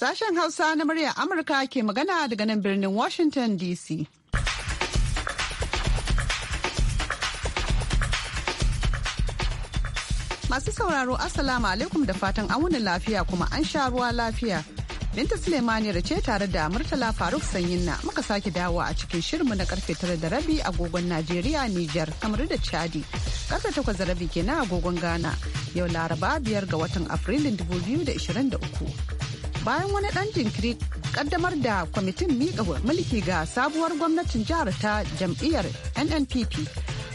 Sashen Hausa na muryar Amurka ke magana daga nan birnin Washington DC. Masu sauraro Assalamu alaikum da fatan an wuni lafiya kuma an sha ruwa lafiya. Binta Sulemaniyar ce tare da Murtala Faruk Sanyinna muka sake dawo a cikin shirinmu na karfe tara da rabi agogon Najeriya, Nijar, kamar da Chadi. Karfe takwas da rabi kenan agogon Ghana. Yau Laraba biyar ga watan Afrilun 2023. bayan wani dan jinkiri kaddamar da kwamitin miƙa mulki ga sabuwar gwamnatin jihar ta jam'iyyar nnpp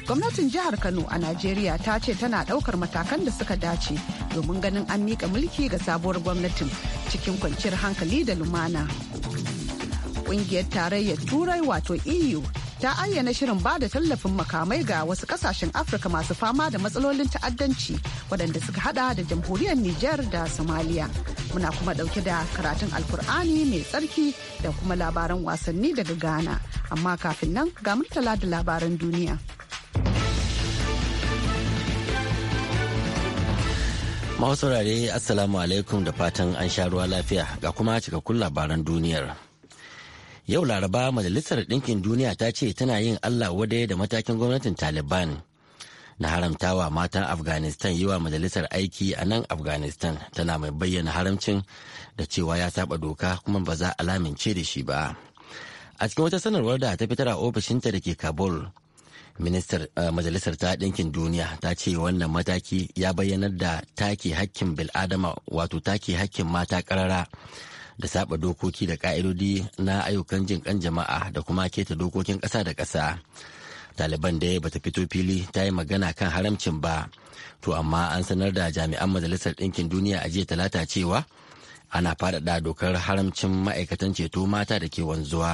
gwamnatin jihar kano a najeriya ta ce tana daukar matakan da suka dace domin ganin an miƙa mulki ga sabuwar gwamnatin cikin kwanciyar hankali da lumana ƙungiyar tarayyar turai wato eu ta ayyana shirin ba da tallafin makamai ga wasu kasashen afirka masu fama da matsalolin ta'addanci waɗanda suka hada da jamhuriyar niger da somalia muna kuma dauke da karatun alkur'ani mai tsarki da kuma labaran wasanni daga ghana amma kafin nan ga murtala da labaran duniya saurare assalamu alaikum da fatan an sha ruwa lafiya ga kuma cikakkun labaran duniyar yau laraba majalisar ɗinkin duniya ta ce tana yin allah wadai da matakin gwamnatin taliban na haramtawa matan afghanistan yi wa majalisar aiki a nan afghanistan tana mai bayyana haramcin da cewa ya saba doka kuma ba za a lamince da shi ba a cikin wata sanarwar da ta fitar a ofishinta da ke kabul ministar eh, majalisar ta ɗinkin duniya ta ce wannan mataki ya bayyanar da take hakkin bil'adama wato take hakkin mata karara da saba dokoki da ƙa'idodi na ayyukan jin kan jama'a da kuma keta dokokin ƙasa da ƙasa Taliban dai bata fito fili ta yi magana kan haramcin ba. To amma an sanar da jami'an Majalisar Ɗinkin Duniya a jiya talata cewa ana faɗaɗa dokar haramcin ma'aikatan ceto mata da ke wanzuwa.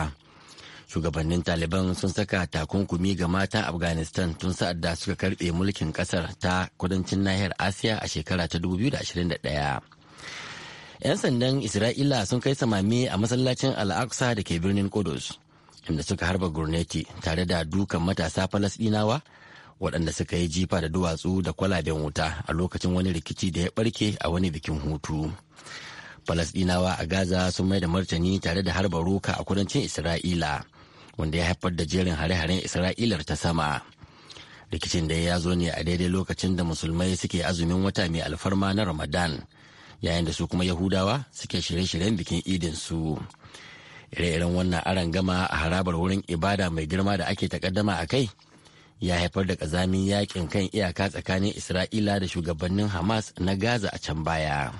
Shugabannin Taliban sun saka takunkumi ga matan Afghanistan tun sa'ad da suka karbe mulkin ƙasar ta kudancin nahiyar Asiya a shekara ta 2021. 'yan sandan isra'ila sun kai samami a masallacin Al-Aqsa da ke birnin kudus inda suka harba gurneti tare da dukan matasa falasdinawa waɗanda suka yi jifa da duwatsu da kwalaben wuta a lokacin wani rikici da ya ɓarke a wani bikin hutu falasdinawa a gaza sun mai da martani tare da harba roka a kudancin isra'ila wanda ya haifar da jerin hare-haren isra'ilar ta sama rikicin da ya zo ne a daidai lokacin da musulmai suke azumin wata mai alfarma na ramadan yayin da su kuma yahudawa suke shirye-shiryen bikin idin su. ire-iren wannan aron gama a harabar wurin ibada mai girma da ake takaddama a kai ya haifar da kazamin yakin kan iyaka tsakanin isra'ila da shugabannin hamas na gaza a can baya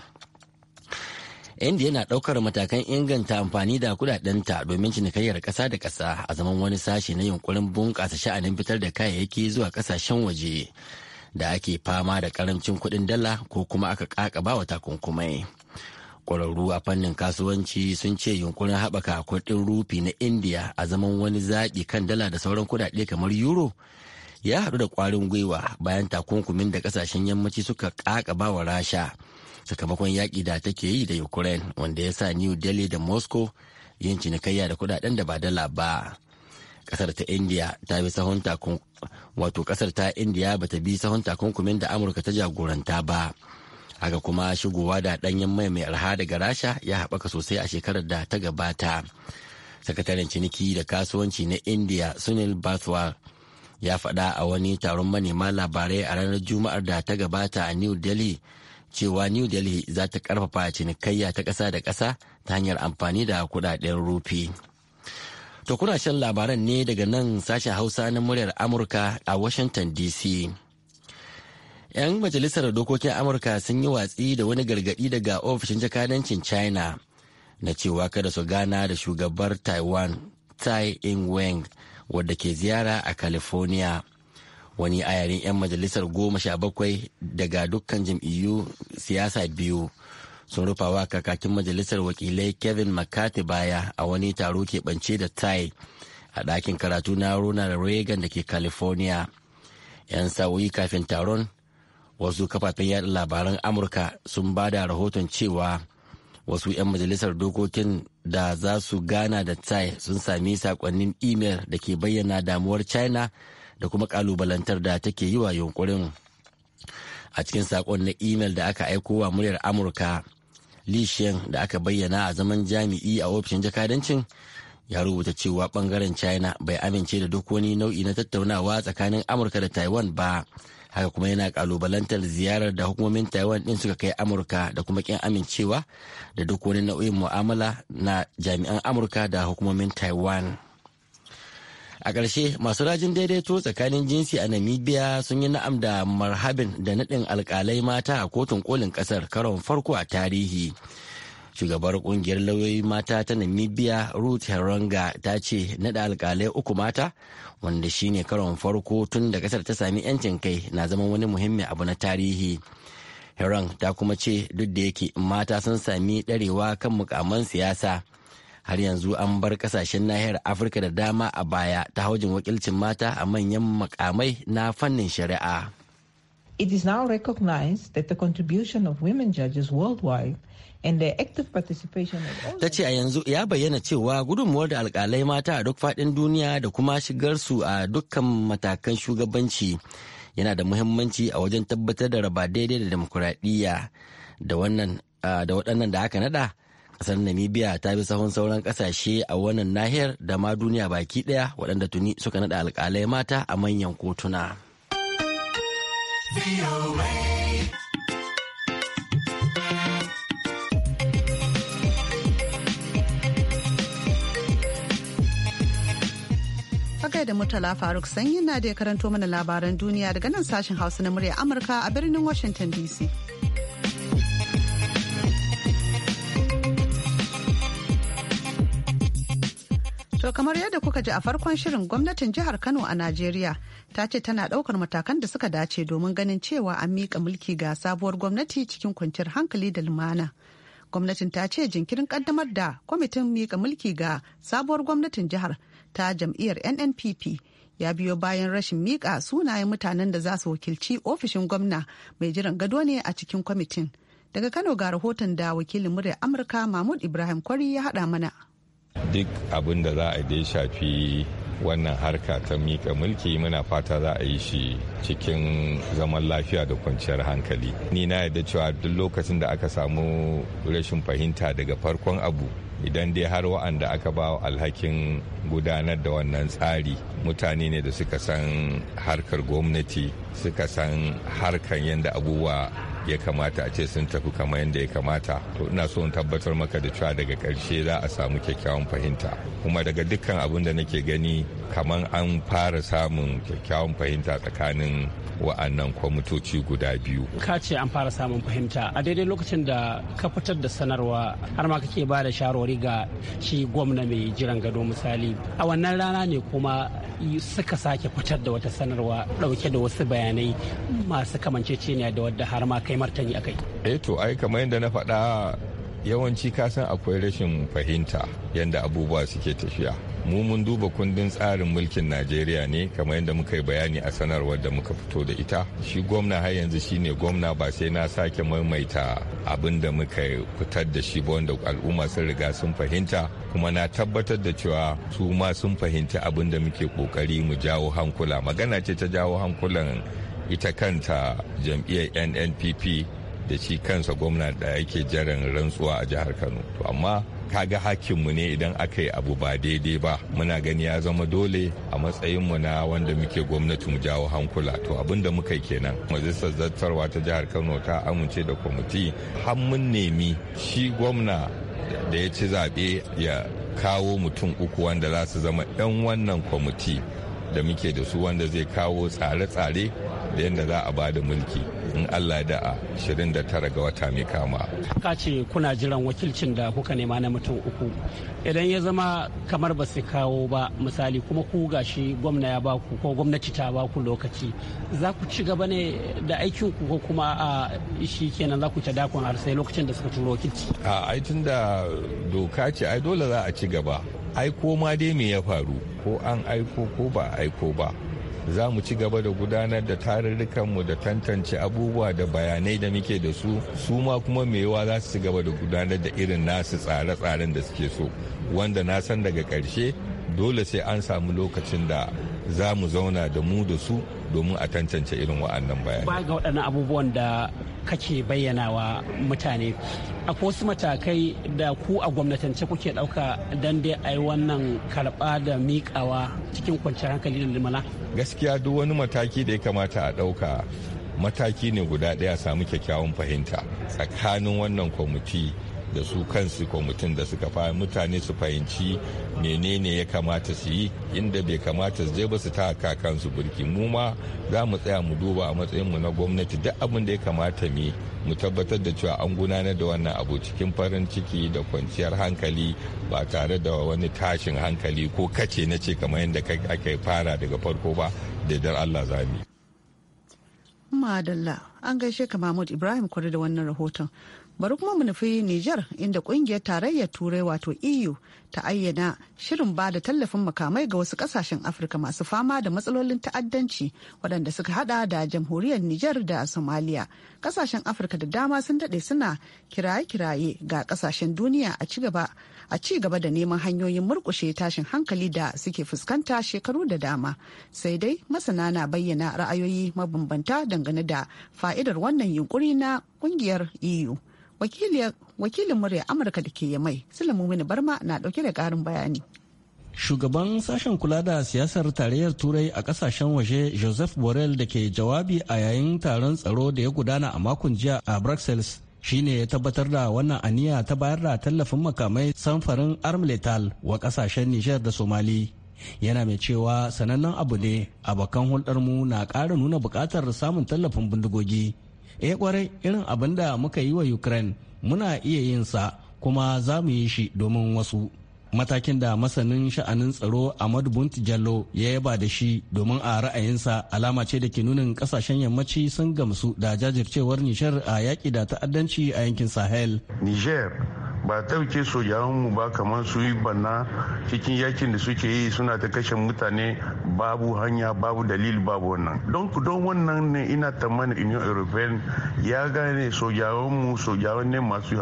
indiya na ɗaukar matakan inganta amfani da kudadenta domin cinikayyar ƙasa da ƙasa a zaman wani sashe na yunkurin bunƙasa sha'anin fitar da kayayyaki zuwa ƙasashen waje da ake fama da karancin kuɗin dala ko kuma aka ƙaƙaba wa takunkumai kwararru a fannin kasuwanci sun ce yunkurin haɓaka kuɗin rufi na indiya a zaman wani zaɓi kan dala da sauran kuɗaɗe kamar euro ya haɗu da ƙwarin gwiwa bayan takunkumin da ƙasashen yammaci suka ƙaƙaba wa rasha sakamakon yaƙi da take yi da ukraine wanda ya sa new delhi da moscow yin cinikayya da kuɗaɗen da ba dala ba ƙasar ta india ta bi sahun takunkumin wato kasar ta india bata bi sahun takunkumin da amurka ta jagoranta ba haka kuma shigowa da ɗanyen mai mai arha daga rasha ya haɓaka sosai a shekarar da ta gabata sakataren ciniki da kasuwanci na india sunil bathwal ya faɗa a wani taron manema labarai a ranar juma'ar da ta gabata a new delhi cewa new delhi za ta karfafa cinikayya ta ƙasa da ƙasa ta hanyar amfani da kuɗaɗen rufi to kuna shan labaran ne daga nan sashen hausa na muryar amurka a washington dc 'yan majalisar dokokin amurka sun yi watsi da wani gargadi daga ofishin jakadancin china na cewa kada su gana da shugabar taiwan tai ing-weng wadda ke ziyara a california wani ayarin 'yan majalisar goma sha bakwai daga dukkan jam'iyyu siyasa biyu sun rufawa kakakin majalisar wakilai kevin mccarthy baya a wani taro keɓance da tai a ɗakin karatu na ronald reagan da ke california 'yan sa'o'i kafin taron wasu kafafen yada labaran amurka sun ba da rahoton cewa wasu 'yan majalisar dokokin da za su gana da tsaye sun sami sakonnin imel da ke bayyana damuwar china da kuma kalubalantar da take yi wa yunkurin a cikin sakon na imel da aka aiko wa muryar amurka li da aka bayyana a zaman jami'i a ofishin jakadancin ya rubuta cewa bangaren china bai amince da duk wani nau'i na tattaunawa tsakanin amurka da taiwan ba haka kuma yana kalubalantar ziyarar da hukumomin taiwan din suka kai amurka da kuma kin amincewa da duk wani nau'in mu'amala na jami'an amurka da hukumomin taiwan a ƙarshe masu rajin daidaito tsakanin jinsi a namibia sun yi na'am da marhabin da naɗin alƙalai mata a kotun kolin ƙasar karon farko a tarihi shugabar kungiyar lauyoyi mata ta namibia ruth heronga ta ce nada alkalai uku mata wanda shine karon farko tun da kasar ta sami yancin kai na zama wani muhimmin abu na tarihi heron ta kuma ce duk da yake mata sun sami darewa kan mukaman siyasa har yanzu an bar kasashen nahiyar afirka da dama a baya ta haujin wakilcin mata a manyan makamai na fannin shari'a It is now recognized that the contribution of women judges worldwide ta ce a yanzu ya bayyana cewa gudunmuwar da alkalai mata a duk faɗin duniya da kuma shigarsu a dukkan matakan shugabanci yana da muhimmanci a wajen tabbatar da raba daidai da demokuraɗiyya da da waɗannan da aka nada ƙasar namibia ta bi sahun sauran ƙasashe a wannan nahiyar da ma duniya baki ɗaya waɗanda tuni suka nada alkalai mata a manyan kotuna. gaida Murtala Faruk sanyi na da ya karanto mana labaran duniya daga nan sashen Hausa na murya Amurka a birnin Washington DC. To kamar yadda kuka ji a farkon shirin gwamnatin jihar Kano a Najeriya ta ce tana daukar matakan da suka dace domin ganin cewa an miƙa mulki ga sabuwar gwamnati cikin kwanciyar hankali da lumana. Gwamnatin ta ce jinkirin kaddamar da kwamitin miƙa mulki ga sabuwar gwamnatin jihar ta jam'iyyar nnpp ya biyo bayan rashin mika sunayen mutanen da za su wakilci ofishin gwamna mai jiran gado ne a cikin kwamitin daga kano ga rahoton da wakilin murya amurka mahmud ibrahim kwari ya haɗa mana duk abin da za a dai shafi wannan harka ta mika mulki muna fata za a yi shi cikin zaman lafiya da kwanciyar hankali ni na yarda cewa duk lokacin da aka samu rashin fahimta daga farkon abu idan dai har wa'anda aka ba alhakin gudanar da wannan tsari mutane ne da suka san harkar gwamnati suka san harkar yadda abubuwa ya kamata a ce sun tafi kamar yadda ya kamata to ina so in tabbatar maka da cewa daga karshe za a samu kyakkyawan fahimta kuma daga dukkan abin da nake gani kamar an fara samun kyakkyawan fahimta tsakanin wa'annan kwamitoci guda biyu ka ce an fara samun fahimta a daidai lokacin da ka fitar da sanarwa har ma kake ba da shawarwari ga shi gwamna mai jiran gado misali a wannan rana ne kuma suka sake fitar da wata sanarwa dauke da wasu bayanai masu kamanceceniya da wadda har ma kai martani akai eh to ai kamar yadda na faɗa yawanci kasan akwai rashin fahimta yadda abubuwa suke tafiya mu mun duba kundin tsarin mulkin najeriya ne kamar yadda muka yi bayani a sanarwar da muka fito da ita shi gwamna har yanzu shine gwamna ba sai na sake maimaita abin da muka fitar da shi ba wanda al'umma sun riga sun fahimta kuma na tabbatar da cewa su ma sun fahimta abin da muke kokari mu jawo hankula magana ce ta jawo hankulan ita kanta jam'iyyar nnpp da shi kansa gwamna da yake jaran rantsuwa a jihar kano to amma kaga hakinmu ne idan aka yi abu ba daidai ba muna gani ya zama dole a matsayinmu na wanda muke gwamnati mu jawo hankula to abin da muka kenan majalisar zartarwa ta jihar kano ta amince da kwamiti har mun nemi shi gwamna da ya ci zaɓe ya kawo mutum uku wanda za su zama 'yan wannan kwamiti da muke da su wanda zai kawo tsare-tsare da yadda za a bada mulki in allah da a 29 ga wata mai kama ka ce kuna jiran wakilcin da kuka nema na mutum uku idan ya zama kamar ba su kawo ba misali kuma ku gashi gwamna ya ba ku ko gwamnati ta ba ku lokaci za ku ci gaba ne da aikin ku ko kuma a shi kenan za ku ta dakon har sai lokacin da suka turo wakilci a ai da doka ce ai dole za a ci gaba ai ko ma dai me ya faru ko an aiko ko ba aiko ba za mu ci gaba da gudanar da tarurrukanmu da tantance abubuwa da bayanai da muke da su su ma kuma mewa za su ci gaba da gudanar da irin nasu tsare-tsaren da suke so wanda na san daga ƙarshe dole sai an samu lokacin da za mu zauna da mu da su domin a tantance irin wa'annan bayanai. Ba ga waɗannan abubuwan da kake bayyanawa mutane akwai wasu matakai da ku a gwamnatance kuke ɗauka don dai a yi wannan karɓa da miƙawa cikin kwanciyar hankali da limana. Gaskiya duk wani mataki da ya kamata a ɗauka mataki ne guda ɗaya samu kyakkyawan fahimta tsakanin wannan kwamiti da su kansu kwamitin da suka fa mutane su fahimci menene ya kamata su yi inda bai kamata su je ba su ta kakansu burki mu ma za mu tsaya mu duba a matsayin mu na gwamnati duk abin da ya kamata mu mu tabbatar da cewa an gudanar da wannan abu cikin farin ciki da kwanciyar hankali ba tare da wani tashin hankali ko kace na ce kamar yadda aka fara daga farko ba da dar Allah zami. Madalla an gaishe ka Mahmud Ibrahim kwari da wannan rahoton. bari kuma mu nufi Nijar inda kungiyar tarayyar turai wato EU ta ayyana shirin ba da tallafin makamai ga wasu kasashen Afirka masu fama da matsalolin ta'addanci waɗanda suka hada da jamhuriyar Nijar da Somalia. Kasashen Afirka da dama sun daɗe suna kiraye-kiraye ga kasashen duniya a ci gaba a ci gaba da neman hanyoyin murkushe tashin hankali da suke fuskanta shekaru da dama sai dai masana na bayyana ra'ayoyi mabambanta dangane da fa'idar wannan yunkuri na kungiyar EU. wakilin murya amurka da ke yamai sulaimu mini barma na dauke da karin bayani shugaban sashen kula da siyasar tarayyar turai a kasashen waje joseph borrell da ke jawabi a yayin taron tsaro da ya gudana a makon jiya a brussels shine ya tabbatar da wannan aniya ta bayar da tallafin makamai samfarin armletal wa kasashen nijar da somali yana mai cewa sanannen abu ne a abokan hulɗarmu na ƙara nuna buƙatar samun tallafin bindigogi eh kwarai irin abin da muka yi wa ukraine muna iya yin sa kuma za mu yi shi domin wasu matakin da masanin sha'anin tsaro Ahmad Bunt Jallo ya yaba da shi domin a ra'ayinsa alama ce da ke nunin kasashen yammaci sun gamsu da jajircewar nishar a yaƙi da ta'addanci a yankin Sahel. Niger ba ɗauke mu ba kamar su yi banna cikin yakin da suke yi suna ta kashe mutane babu hanya babu dalil babu wannan don don wannan ne ina tamanin union european ya gane mu sojawan ne masu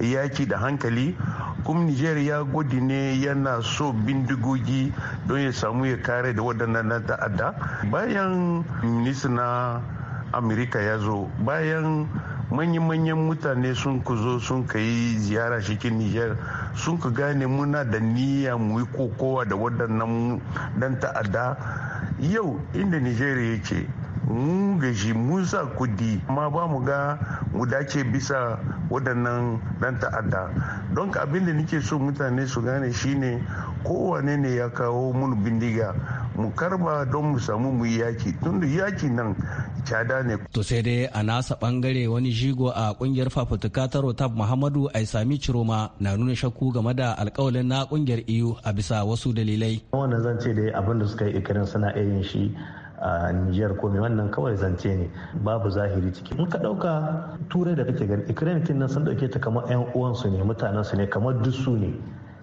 yaki da hankali kuma niger ya gudi ne yana so bindigogi don ya samu ya kare da waɗannan na ta'adda bayan minista na amerika ya zo bayan manyan-manyan mutane sun ku zo sun ka yi ziyara cikin niger sun ka gane muna da niyya mu yi kokowa da waɗannan dan ta'adda yau inda nigeria yake mu gaji mun sa kudi ma ba mu ga mu dace bisa waɗannan ɗan ta'adda don abin da nake so mutane su gane shine kowane ne ya kawo mun bindiga mu karba don mu samu mu yaki tun da yaki nan cada ne. To sai dai a nasa bangare wani jigo a kungiyar fafutuka ta Rotab Muhammadu Aisami Ciroma na nuna shakku game da alkawalin na kungiyar iyu e a bisa wasu dalilai. Wannan zan ce dai abin da suka yi ikirin suna iya yin shi a Nijar ko wannan kawai zance ne babu zahiri ciki in ka dauka turai da kake gani ikiramitin nan sun dauke ta kamar yan uwansu ne mutanen su ne kamar dusu ne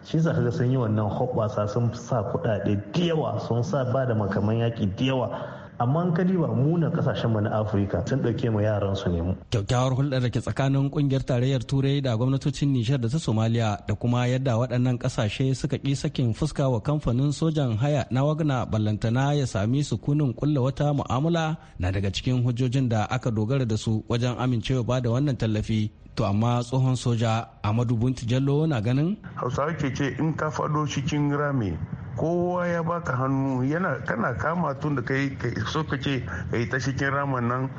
shi za ka ga sun yi wannan hoɓɓasa sun sa kuɗaɗe da yawa sun sa ba da makaman yaki da yawa amma ba diba munan kasashen mu na afirka sun ɗauke mu yaran su ne mu kyakkyawar hulɗar da ke tsakanin kungiyar tarayyar turai da gwamnatocin nijar da ta somaliya da kuma yadda waɗannan kasashe suka ƙi sakin fuska wa kamfanin sojan haya na wagna ballantana ya sami su sukunin kulla wata mu'amala na daga cikin hujjojin da aka dogara da su wajen amincewa ba da wannan tallafi to amma tsohon soja amadu bunti jallo na ganin hausawa ke ce in ka fado cikin rami kowa ya baka hannu yana kana kama tun da kai so ka ka kai ta cikin raman nan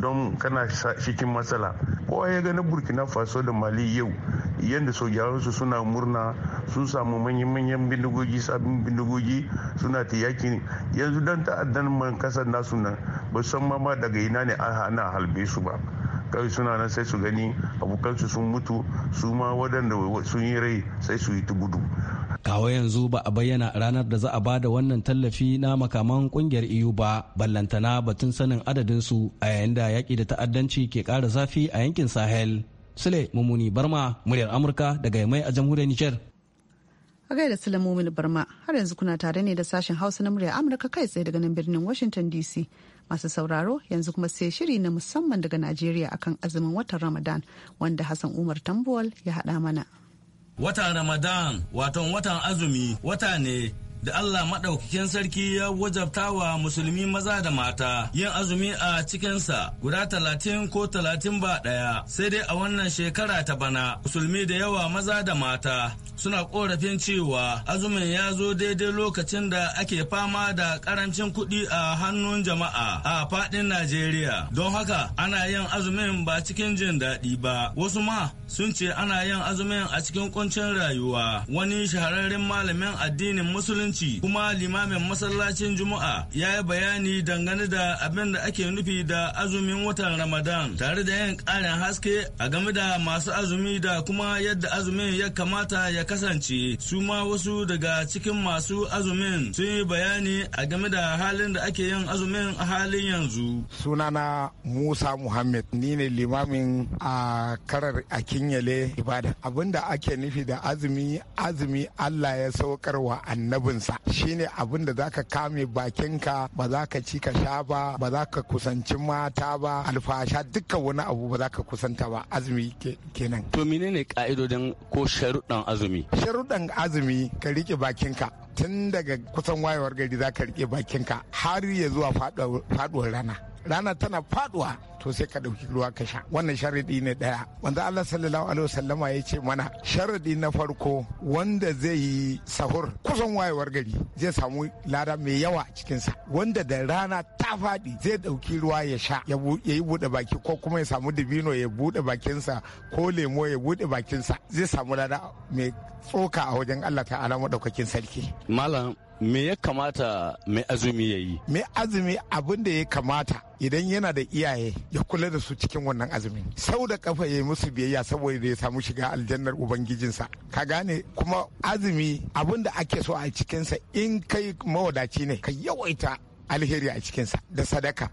don kana cikin matsala kowa ya gani burkina faso da mali yau yadda sojawansu suna murna sun samu manyan bindigogi sabbin bindigogi suna ta yakin yanzu don ta'addan man kasar nasu nan ba san ma daga ina ne a hana halbe su ba kawai suna nan sai su gani abokansu sun mutu su ma waɗanda sun yi rai sai su yi ta gudu kawo yanzu ba a bayyana ranar da za a ba da wannan tallafi na makaman kungiyar iyu e ba ballantana batun sanin adadin su a yayin da yaƙi da ta'addanci ke ƙara zafi a yankin sahel sule mummuni barma muryar amurka daga mai a jamhuriyar niger a gaida sule mummuni barma har yanzu kuna tare ne da sashen hausa na muryar amurka kai tsaye daga nan birnin washington dc Masu sauraro yanzu kuma sai shiri na musamman daga Najeriya akan azumin watan Ramadan wanda Hassan Umar Tambuwal ya haɗa mana. Watan Ramadan, watan watan azumi, wata ne da Allah maɗaukakin sarki ya wajabta wa musulmi maza da mata yin azumi a cikinsa guda talatin ko talatin ba ɗaya sai dai a wannan shekara ta bana musulmi da yawa maza da mata suna korafin cewa azumin ya zo daidai lokacin da ake fama da karancin kuɗi a hannun jama'a a faɗin Najeriya don haka ana yin azumin ba cikin jin daɗi ba wasu ma sun ce ana yin azumin a cikin kuncin rayuwa wani shahararren malamin addinin musulunci musulunci kuma limamin masallacin juma'a ya yi bayani dangane da abin da ake nufi da azumin watan ramadan tare da yin karin haske a game da masu azumi da kuma yadda azumin ya kamata ya kasance su ma wasu daga cikin masu azumin sun yi bayani a game da halin da ake yin azumin a halin yanzu sunana musa muhammed. ni ne limamin a karar a kinyale ibada da ake nufi da azumi azumi allah ya saukar wa annabin kansa shine abin da zaka kame bakinka ba za ka ci ka sha ba ba za ka kusanci mata ba alfasha dukkan wani abu ba za ka kusanta ba azumi kenan to menene ka'idodin ko sharuɗan azumi sharuɗan azumi ka rike bakinka tun daga kusan wayewar gari za ka rike bakinka har ya zuwa faduwar rana rana tana faduwa to sai ka ɗauki ruwa ka sha wannan sharadi ne daya wanda Allah sallallahu alaihi wasallama ya ce mana sharadi na farko wanda zai yi sahur kusan wayewar gari zai samu lada mai yawa a cikinsa wanda da rana ta faɗi zai dauki ruwa ya sha ya yi buɗe baki ko kuma ya samu dabino ya buɗe bakinsa ko lemo ya buɗe bakinsa zai samu lada mai tsoka a wajen Allah ta'ala maɗaukakin sarki. Malam me ya kamata mai azumi ya yi mai azumi abin da ya kamata idan yana da iyaye ya kula da su cikin wannan azumin sau da kafa ya yi musu biyayya saboda ya samu shiga aljannar ubangijinsa ka gane kuma azumi abin da ake so a cikinsa in kai mawadaci ne ka yawaita alheri a cikinsa da sadaka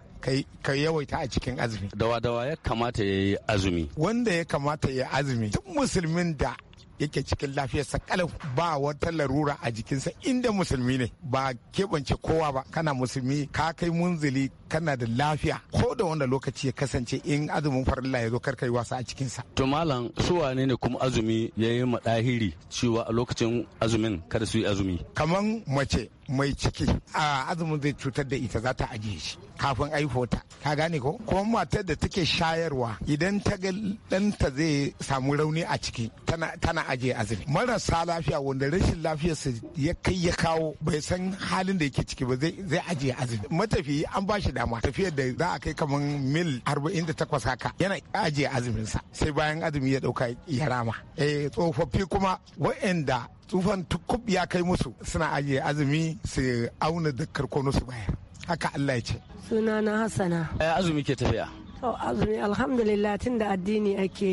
ka yawaita a cikin azumi. Dawa-dawa ya kamata ya yi azumi. Wanda ya kamata ya azumi duk musulmin da yake cikin lafiyarsa kalau ba wata larura a jikinsa inda musulmi ne ba keɓance kowa ba kana musulmi ka kai munzili kana da lafiya ko da wanda lokaci ya kasance in azumin farilla ya zo karkai wasa a cikinsa. To malam su wane ne kuma azumi ya yi madahiri cewa a lokacin azumin kada su yi azumi. Kaman mace mai ciki a azumin zai cutar da ita za ta ajiye shi kafin aifota ka gane ko kuma matar da take shayarwa idan ta ga ɗanta zai samu rauni a ciki tana ajiye azumi marasa lafiya wanda rashin lafiyarsa ya kai ya kawo bai san halin da yake ciki ba zai ajiye azumi matafiyi an ba shi dama tafiyar da za a kai kamar mil 48 haka yana ajiye sa, sai bayan azumi ya dauka ya rama eh tsofaffi kuma wa'anda tsufan tukub ya kai musu suna ajiye azumi su auna da karkono su bayar haka Allah ya ce sunana hassana eh, azumi ke tafiya to azumi alhamdulillah tun da addini ake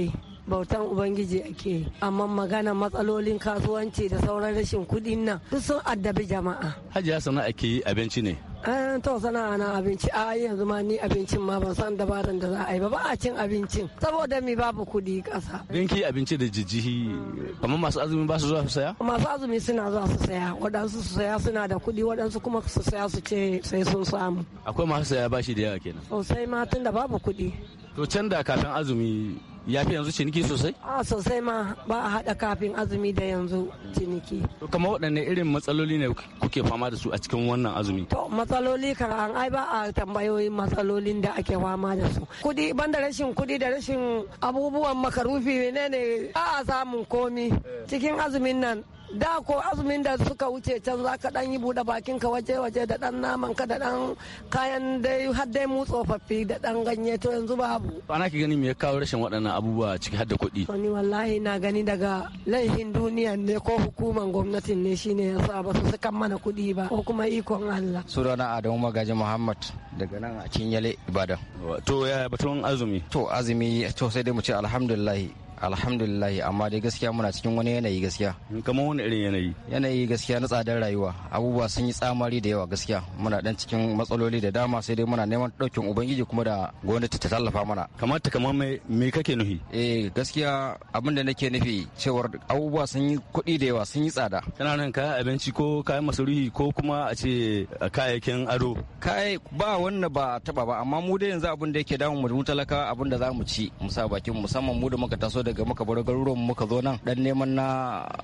bautan ubangiji ake yi amma magana matsalolin kasuwanci da sauran rashin kudin nan duk sun addabi jama'a hajiya sana'a ke yi abinci ne an eh, to sana'a na abinci a yanzu ma ni abincin ma ban san dabaran da za a yi ba ba a cin abincin saboda mi babu kudi ƙasa dinki abinci da jijjihi amma masu azumi ba su zuwa su saya masu azumi suna zuwa su saya waɗansu su saya suna da kuɗi waɗansu kuma su saya su ce sai sun samu akwai masu saya bashi da yawa kenan sosai ma tunda babu kuɗi to can da kafin azumi ya fi yanzu ciniki sosai? a sosai ma ba a haɗa kafin azumi da yanzu ciniki to kama waɗanne irin matsaloli ne kuke fama da su a cikin wannan azumi to matsaloli kan an ai ba a tambayoyi matsalolin da ake fama da su kudi da rashin kudi da rashin abubuwan makarufi ne ne Ba a samun komi eh. cikin azumin nan da ko azumin da suka wuce can za ka dan yi buɗe bakin ka waje waje da dan naman ka da dan kayan dai har dai mu tsofaffi da dan ganye to yanzu babu ana ki gani me ya kawo rashin waɗannan abubuwa ciki har da kuɗi to wallahi na gani daga laifin duniya ne ko hukuman gwamnatin ne shine ya sa ba su saka mana kuɗi ba ko kuma ikon Allah sunana Adamu Magaji Muhammad daga nan a Cinyale Ibadan to yaya batun azumi to azumi to sai dai mu ce alhamdulillah alhamdulillah amma dai gaskiya muna cikin wani yanayi gaskiya kamar wani irin yanayi yanayi gaskiya na tsadar rayuwa abubuwa sun yi tsamari da yawa gaskiya muna dan cikin matsaloli da dama sai dai muna neman daukin ubangiji kuma da gwamnati ta tallafa mana kamar ta kamar mai me kake nufi eh gaskiya abin da nake nufi cewar abubuwa sun yi kuɗi da yawa sun yi tsada kana nan kayan abinci ko kayan masarufi ko kuma a ce kayayyakin ado kai ba wannan ba taba ba amma mu da yanzu abin da yake damu mu talaka abin da za mu ci musa bakin musamman mu da muka taso da daga muka bar garuruwan muka zo nan dan neman na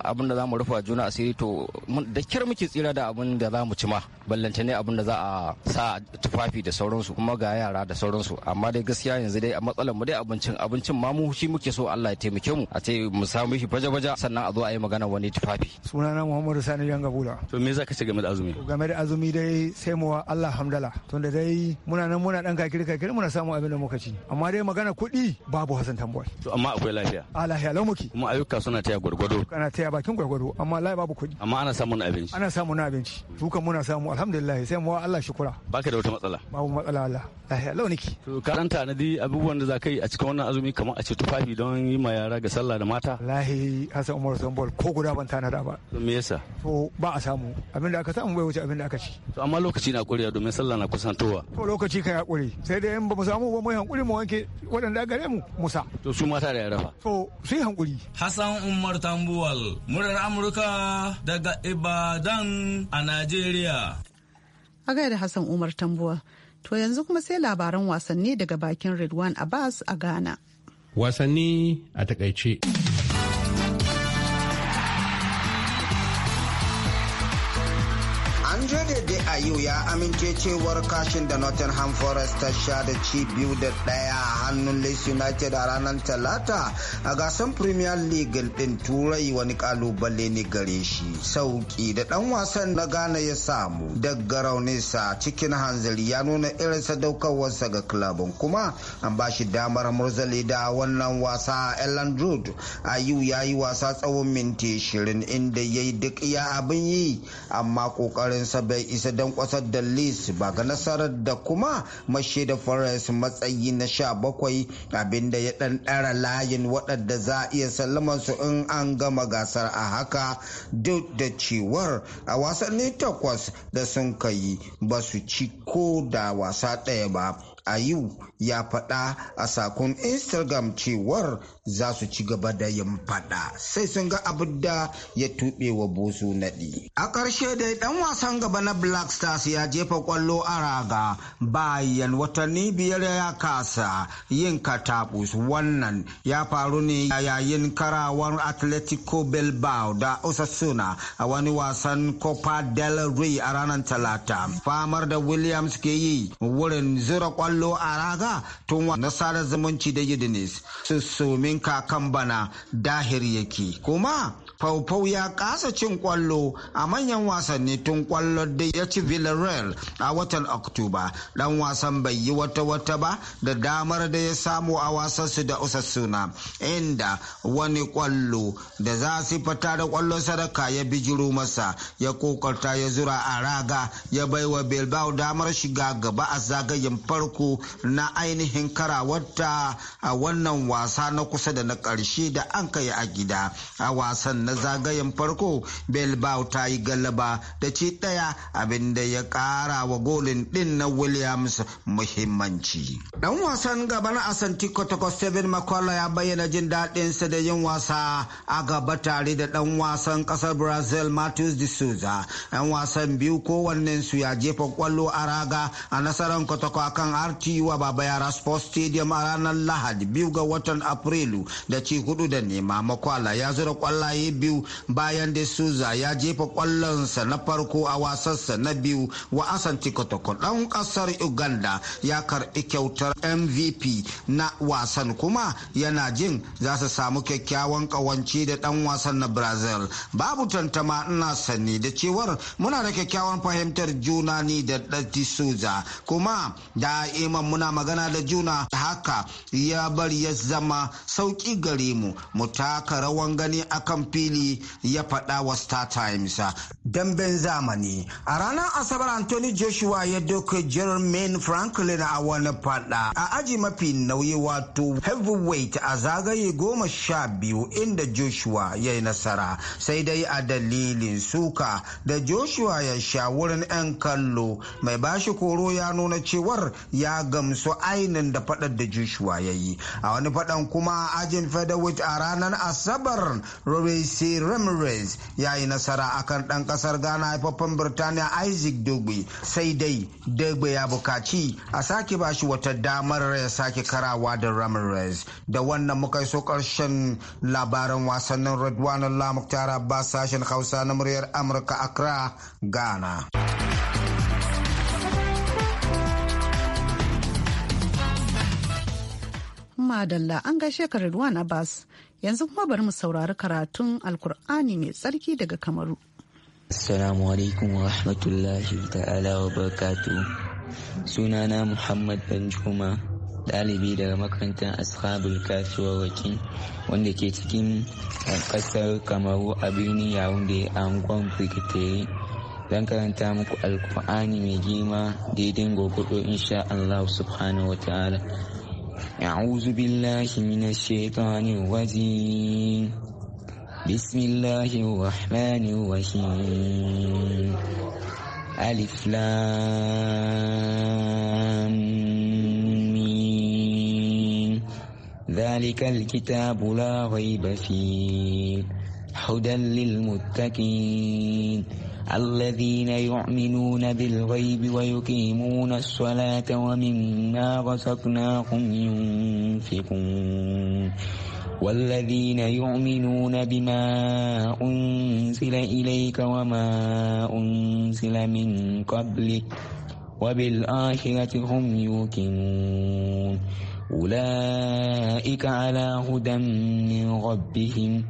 abin da zamu rufa juna asiri to da kyar muke tsira da abin da zamu ci ma ballanta ne abin da za a sa tufafi da sauransu kuma ga yara da sauransu amma dai gaskiya yanzu dai a matsalar mu dai abincin abincin ma mu shi muke so Allah ya taimake mu a ce mu samu shi baja-baja sannan a zo a yi magana wani tufafi sunana Muhammadu Sani Yangabula to me zaka ce game da azumi game da azumi dai sai mu Allah hamdala tunda dai muna nan muna dan kakiri kakiri muna samu abin da muka ci amma dai magana kuɗi babu Hassan Tambol to amma akwai lafiya lahiya a lahiya lau muke kuma ayyuka suna taya gwargwado kana taya bakin gwargwado amma lai babu kudi amma ana samun abinci ana samun abinci dukan muna samu alhamdulillah sai mu Allah shukura baka da wata matsala babu matsala Allah lahiya lau niki to karanta na di abubuwan da zaka yi a cikin wannan azumi kamar a ce tufafi don yi ma yara ga sallah da mata lahi Hassan Umar Sambol ko guda ban tana da ba to me yasa to ba a samu Abinda aka samu bai wuce abinda aka ci to amma lokaci na ƙuriya domin sallah na kusantowa to lokaci ka ya kuri sai dai in ba mu samu ba mu hankuri mu wanke waɗanda gare mu musa to su mata da yara fa so sai hankuri. Hassan Umar Tambuwal, murar Amurka daga Ibadan a Najeriya. A da Hassan Umar Tambuwal, to yanzu kuma sai labaran wasanni daga bakin Ridwan Abbas a Ghana. Wasanni a takaice. radio ya amince cewar kashin da Nottingham Forest ta sha da ci biyu da daya a hannun Leeds United a ranar Talata a gasar Premier League din Turai wani kalubale ne gare shi. Sauki da dan wasan na Ghana ya samu daga rauninsa cikin hanzari ya nuna irin sadaukarwarsa ga klabin kuma an ba shi damar murzali da wannan wasa a Ellen Road. Ayu ya yi wasa tsawon minti 20 inda ya yi duk iya abin yi amma kokarinsa bai isa don kwasar da lis ba ga nasarar da kuma mashe da forest matsayi na sha bakwai abinda ya dan ɗara layin waɗanda za a iya sallamar su in an gama gasar a haka duk da cewar a wasanni takwas da sun kayi ba su ci ko da wasa ɗaya ba a yiwu. ya faɗa a sakon instagram cewar za su ci gaba da yin faɗa sai sun ga abin da ya tuɓe wa bosu naɗi a ƙarshe dai ɗan wasan gaba na black stars ya jefa kwallo a raga bayan watanni biyar ya kasa yin katabus wannan ya faru ne yayin karawar atletico bilbao da osasuna a wani wasan copa del rey a ranar talata famar da williams ke yi wurin zura ƙwallo a raga bana tun wa nasarar zumunci da yidinis su sumin kakan bana dahir yake kuma Faufau ya kasa cin kwallo a manyan wasanni tun kwallo da ya ci Villarreal a watan Oktoba. Dan wasan bai yi wata-wata ba da damar da ya samu a wasansu da Osasuna inda wani kwallo da za su fita da kwallon sadaka ya bijiro masa ya kokarta ya zura a raga ya baiwa Bilbao damar shiga gaba a zagayen farko na ainihin kara wata a wannan wasa na kusa da na ƙarshe da an kai a gida a wasan na zagayen farko belbao ta yi galaba da ci ɗaya abinda ya kara wa golin din na williams muhimmanci dan wasan gaba na asanti kotoko steven mccullough ya bayyana jin daɗinsa da yin wasa a gaba tare da dan wasan kasar brazil matthews de souza yan wasan biyu kowanne su ya jefa kwallo a raga a nasarar kotoko akan rtu a baba yara sports stadium a ranar lahadi biyu ga watan afrilu da ci hudu da nema makwala ya zura kwallaye biyu bayan da Souza ya jefa kwallonsa na farko a wasansa na biyu wa Asan Tikotoko dan kasar Uganda ya karɓi kyautar MVP na wasan kuma yana jin za su samu kyakkyawan ƙawance da dan wasan na Brazil. Babu tantama ina sani da cewar muna da kyakkyawan fahimtar juna ne da Dati Souza kuma da'iman muna magana da juna haka ya bar ya zama sauki gare mu mu taka rawan gani akan fi fili ya faɗa wa Star Times. Ah, damben zamani. A ranar Asabar Anthony Joshua ya doka Jermaine Franklin a wani faɗa a aji mafi nauyi wato heavyweight a zagaye goma sha biyu inda Joshua ya yi nasara. Sai dai a dalilin suka da Joshua ya sha wurin 'yan kallo mai bashi koro ya nuna cewar ya gamsu ainin da faɗar da Joshua ya yi. A wani faɗan kuma ajin featherweight a ranar Asabar Robbins jose ramirez ya yi nasara akan ɗan ƙasar ghana haifafin birtaniya isaac dogbe sai dai dogbe ya bukaci a sake ba shi wata damar ya sake karawa da ramirez da wannan muka so ƙarshen labaran wasannin radwanan lamuktar ba sashen hausa na muryar amurka accra ghana madalla an gaishe ka Ridwan Abbas yanzu kuma bari mu saurari karatun alkur'ani mai tsarki daga kamaru assalamu alaikum wa rahmatullahi ta'ala wa barakatu sunana muhammad banjuma ɗalibi daga makarantar ashabul kasuwa wakin wanda ke cikin eh, ƙasar kamaru a birni yawon da a angon brigitari don karanta muku alkur'ani mai gima daidai gogodo insha allah subhanahu wa ta'ala أعوذ بالله من الشيطان الرجيم بسم الله الرحمن الرحيم ألف لام مين ذلك الكتاب لا ريب فيه هدى للمتقين الذين يؤمنون بالغيب ويقيمون الصلاة ومما رزقناهم ينفقون والذين يؤمنون بما أنزل إليك وما أنزل من قبلك وبالآخرة هم يوقنون أولئك على هدى من ربهم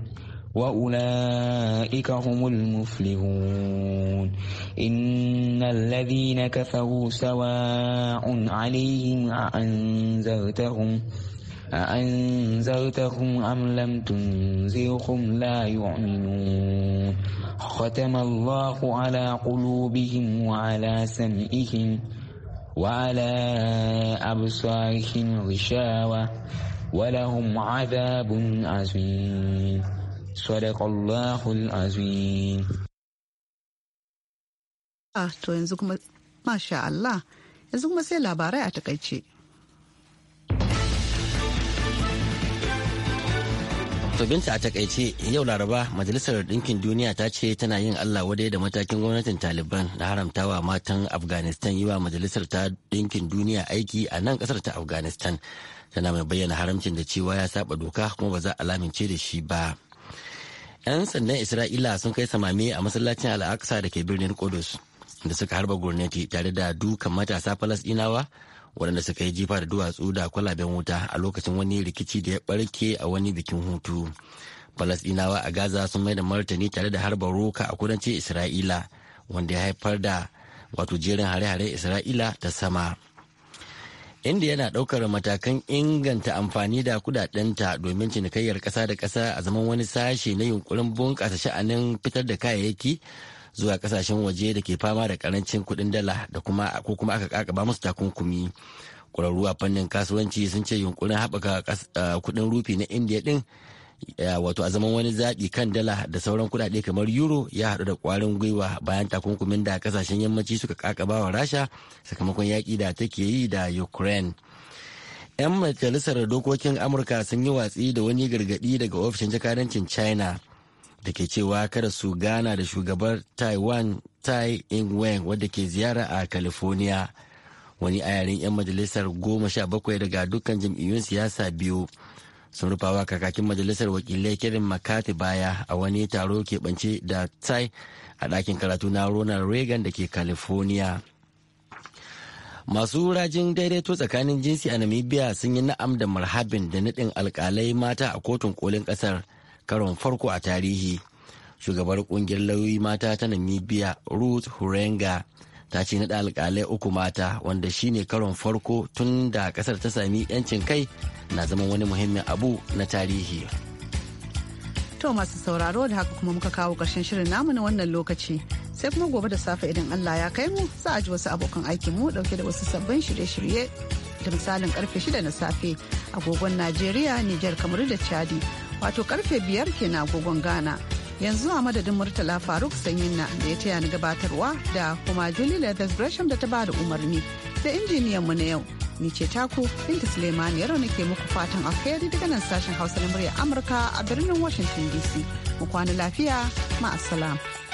وأولئك هم المفلحون إن الذين كفروا سواء عليهم أأنذرتهم أأنذرتهم أم لم تنذرهم لا يؤمنون ختم الله على قلوبهم وعلى سمعهم وعلى أبصارهم غشاوة ولهم عذاب عظيم Sadaqallahul azim. Ah, to yanzu kuma masha Allah, yanzu kuma sai labarai a takaice. To binta a takaice yau laraba majalisar ɗinkin duniya ta ce tana yin Allah wadai da matakin gwamnatin Taliban na haramtawa matan Afghanistan yi wa majalisar ta dinkin duniya aiki a nan ƙasar ta Afghanistan. Tana mai bayyana haramcin da cewa ya saba doka kuma ba za a lamince da shi ba. 'yan sandan isra'ila sun kai samame a masallacin al'aqsa da ke birnin kudus da suka harba gurneti tare da dukan matasa falasdinawa waɗanda suka yi jifa da duwatsu da kwalaben wuta a lokacin wani rikici da ya barke a wani bikin hutu falasdinawa a gaza sun mai da martani tare da harba roka a kudancin isra'ila wanda ya haifar da wato jerin hare-hare isra'ila ta sama inda yana ɗaukar matakan inganta amfani da kudadenta domin cinikayyar ƙasa da ƙasa a zaman wani sashe na yunkurin bunƙasa sha'anin fitar da kayayyaki zuwa ƙasashen waje da ke fama da ƙarancin kuɗin dala da kuma ko kuma aka ƙaƙaba musu takunkumi ƙwararru a fannin kasuwanci sun ce yunkurin haɓaka eh, kuɗin rufi na indiya ɗin Eh, wato a zaman wani zaɓi kan dala da sauran kuɗaɗe kamar euro ya haɗu da ƙwarin gwiwa bayan takunkumin da kasashen yammaci suka kakaba wa rasha sakamakon yaƙi da take yi da ukraine 'yan majalisar dokokin amurka sun yi watsi da wani gargaɗi daga ofishin jakadancin china da ke cewa kada su gana da shugabar taiwan tai ing weng wadda ke ziyara a california wani ayarin 'yan majalisar goma sha bakwai daga dukkan jam'iyyun siyasa biyu sun rufawa kakakin majalisar wakilai kirin makati baya a wani taro keɓance da tai a ɗakin karatu na ronald reagan da ke california masu rajin daidaito tsakanin jinsi a namibia sun yi na'am da marhabin da naɗin alkalai mata a kotun kolin ƙasar karon farko a tarihi shugabar kungiyar lauyoyi mata ta namibia ruth hurenga ta ce naɗa alkalai uku mata wanda shine karon farko tun da ƙasar ta sami 'yancin kai na zama wani muhimmin abu na tarihi. To masu sauraro da haka kuma muka kawo ƙarshen shirin namu na wannan lokaci sai kuma gobe da safe idan Allah ya kai mu za a ji wasu abokan aikin mu dauke da wasu sabbin shirye-shirye da misalin karfe 6 na safe agogon Najeriya, niger Kamaru da Chadi wato karfe 5 kenan agogon Ghana. yanzu a madadin murtala faruk sanyin na da ya taya ni gabatarwa da kuma julie da gresham da ta ba da umarni da injiniyan mu na yau ni ce taku binta suleiman yaro nake muku fatan alheri daga nan sashen hausa na murya amurka a birnin washington dc mu kwana lafiya ma'asalam.